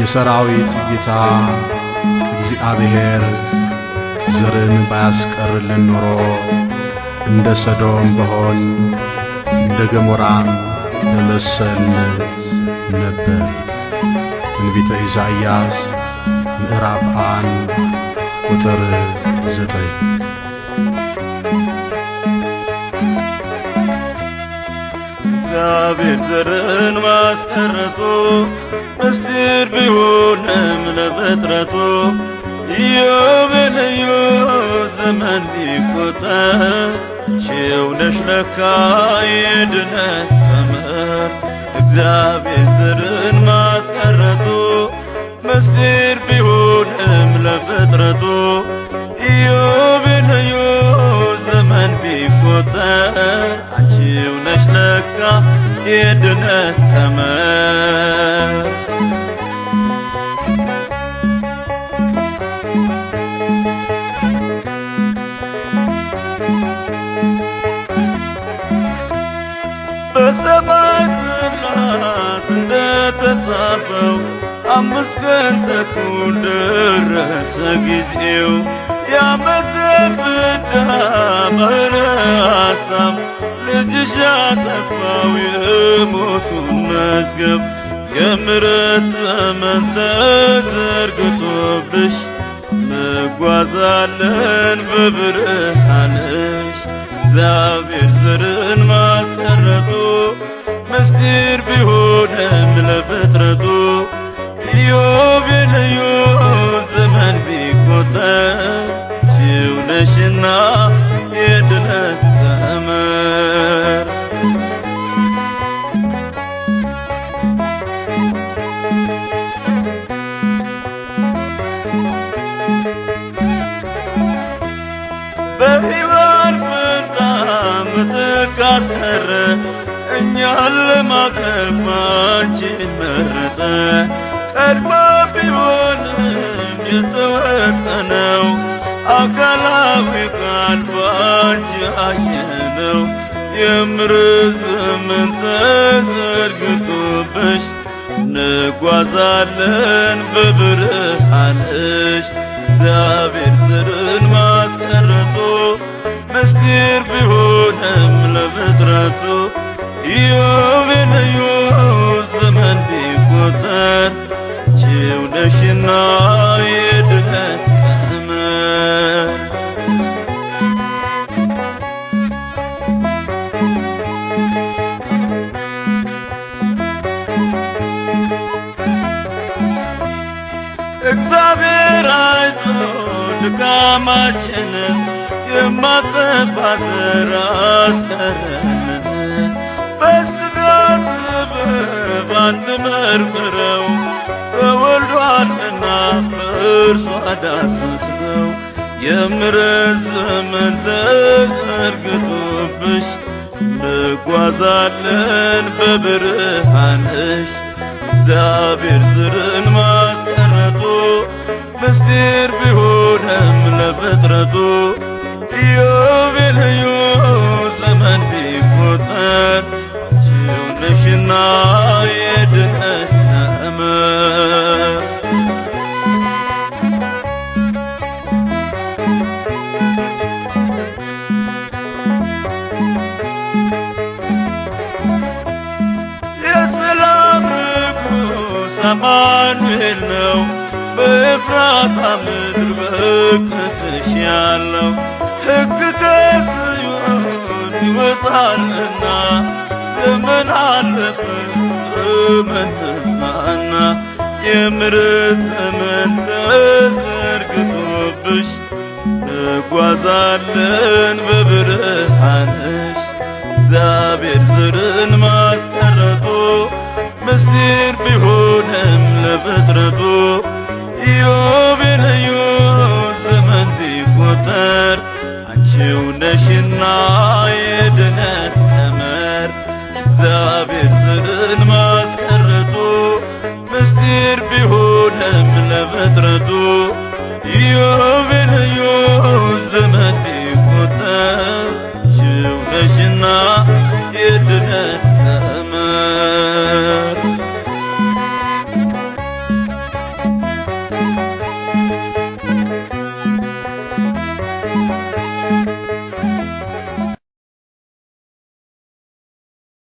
የሰራዊት ጌታ እግዚአብሔር ዘርን ባያስቀርልን ኖሮ እንደ ሰዶም በሆን እንደ ገሞራም በመሰል ነበር። ትንቢተ ኢሳይያስ ምዕራፍ አንድ ቁጥር ዘጠኝ እግዚአብሔር ዘርን ማስቀረቱ ምስጢር ቢሆንም ለፍጥረቱ ኢዮብ ለኢዮብ ዘመን ቢቆጠር ቼው ነሽ ለካ የድነት ቀመር እግዚአብሔር ዘርን ማስቀረቱ ምስጢር ጻፈው አምስት ተኩን ተኩል ደረሰ ጊዜው ያመተ ፍዳ በሆነ ሐሳብ ልጅሽ ያጠፋው የሞቱን መዝገብ የምረት ዘመን ተዘርግቶብሽ እንጓዛለን በብርሃንሽ እግዚአብሔር ዘርን ማስቀረቱ ምስጢር ቢሆን በሕይወት ፍንጣም ምትክ አስቀረ እኛን ለማቅረፍ አንቺን መረጠ ቀድሞ ቢሆንም የተወጠነው አካላዊ ቃል ባንቺ አየነው የምርት ተዘርግቶብሽ እንጓዛለን በብርሃንሽ እግዚአብሔር ማጭን የማጠባት ራስ ቀረን በስጋ ጥበብ አንድ መርምረው በወልዷልና በእርሷ ዳሰስነው የምረት ዘመን ተዘርግቶብሽ እንጓዛለን በብርሃንሽ እግዚአብሔር ዝርን ማስቀረቱ ምስጢር ሳጣ ምድር በክፍሽ ያለው ሕግ ከጽዮን ይወጣልና ዘመን አለፈ በመናና የምሕረት መንገድ ዘርግቶብሽ እጓዛለን ኢዮብ የለዩት ዘመን ቢቆጠር አንቺው ነሽና የድነት